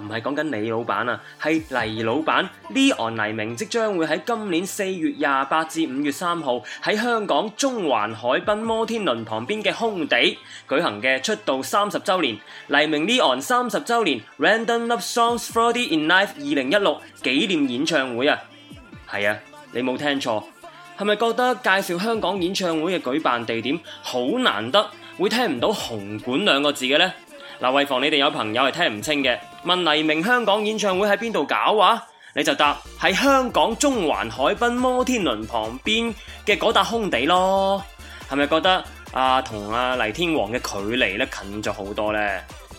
唔係講緊李老闆啊，係黎老闆。Leon 黎明即將會喺今年四月廿八至五月三號喺香港中環海濱摩天輪旁邊嘅空地舉行嘅出道三十周年黎明 Leon 三十周年《Random Love Songs 4D in Live》二零一六紀念演唱會啊，係啊，你冇聽錯，係咪覺得介紹香港演唱會嘅舉辦地點好難得會聽唔到「紅館」兩個字嘅呢？嗱，啊，為防你哋有朋友係聽唔清嘅。問黎明香港演唱會喺邊度搞啊？你就答喺香港中環海濱摩天輪旁邊嘅嗰笪空地咯。係咪覺得啊同啊黎天王嘅距離咧，近咗好多呢？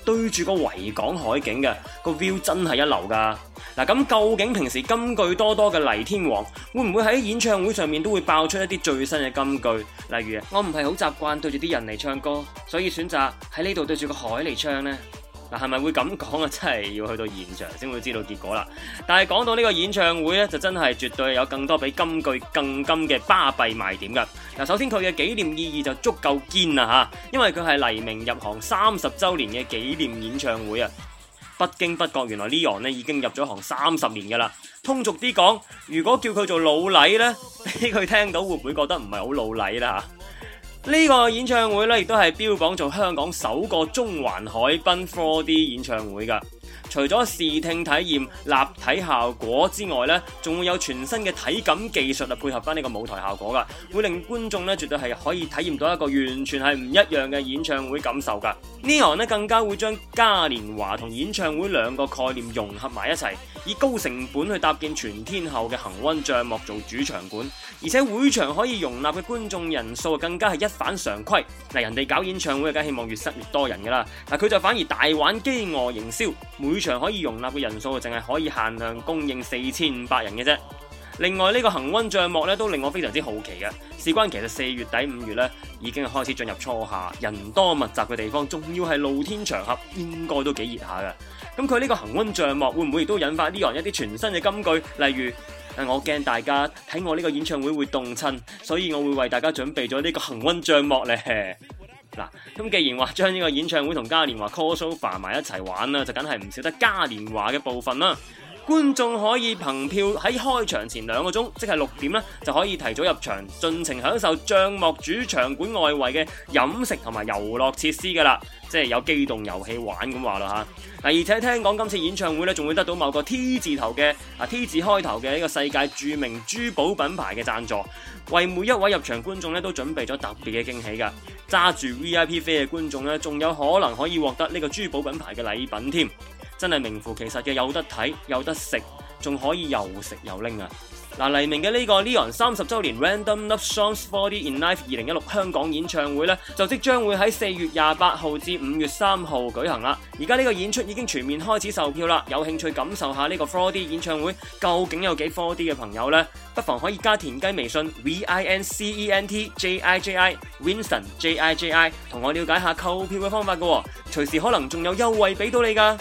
對住個維港海景嘅個 view 真係一流噶。嗱，咁究竟平時金句多多嘅黎天王會唔會喺演唱會上面都會爆出一啲最新嘅金句？例如我唔係好習慣對住啲人嚟唱歌，所以選擇喺呢度對住個海嚟唱呢。」係咪會咁講啊？真係要去到現場先會知道結果啦。但係講到呢個演唱會咧，就真係絕對有更多比金句更金嘅巴閉賣點噶。嗱，首先佢嘅紀念意義就足夠堅啦吓，因為佢係黎明入行三十周年嘅紀念演唱會啊。不經不覺，原來 Leon 咧已經入咗行三十年噶啦。通俗啲講，如果叫佢做老禮呢，俾佢聽到會唔會覺得唔係好老禮啦？呢個演唱會咧，亦都係標榜做香港首個中環海濱 4D 演唱會㗎。除咗視聽體驗、立體效果之外呢，仲會有全新嘅體感技術啊，配合翻呢個舞台效果㗎，會令觀眾絕對係可以體驗到一個完全係唔一樣嘅演唱會感受㗎。呢行咧，更加會將嘉年華同演唱會兩個概念融合埋一齊，以高成本去搭建全天候嘅恒溫帳幕做主場館，而且會場可以容納嘅觀眾人數更加係一反常規。嗱，人哋搞演唱會梗希望越塞越多人㗎啦，嗱，佢就反而大玩饑餓營銷。每場可以容納嘅人數，淨係可以限量供應四千五百人嘅啫。另外呢個恒温帳幕咧，都令我非常之好奇嘅。事關其實四月底五月咧，已經係開始進入初夏，人多密集嘅地方，仲要係露天場合，應該都幾熱下嘅。咁佢呢個恒温帳幕會唔會亦都引發呢個人一啲全新嘅金句？例如，我驚大家喺我呢個演唱會會凍親，所以我會為大家準備咗呢個恒温帳幕咧。嗱，咁、啊、既然話將呢個演唱會同嘉年華撈埋一齊玩啦，就梗係唔少得嘉年華嘅部分啦。觀眾可以憑票喺開場前兩個鐘，即係六點啦，就可以提早入場，盡情享受帳幕主場館外圍嘅飲食同埋遊樂設施噶啦，即係有機動遊戲玩咁話咯，吓，嗱，而且聽講今次演唱會呢仲會得到某個 T 字頭嘅啊 T 字開頭嘅一個世界著名珠寶品牌嘅贊助，為每一位入場觀眾呢都準備咗特別嘅驚喜噶。揸住 VIP 飛嘅觀眾呢仲有可能可以獲得呢個珠寶品牌嘅禮品添。真係名副其實嘅，有得睇，有得食，仲可以又食又拎啊。嗱，黎明嘅呢個 Leon 三十週年 Random Love Songs 4D In Life 二零一六香港演唱會咧，就即將會喺四月廿八號至五月三號舉行啦。而家呢個演出已經全面開始售票啦，有興趣感受下呢個 4D 演唱會究竟有幾 4D 嘅朋友咧，不妨可以加田雞微信 V I N C E N T J I J I w i n s e o n J I J I 同我了解下購票嘅方法㗎喎，隨時可能仲有優惠俾到你㗎。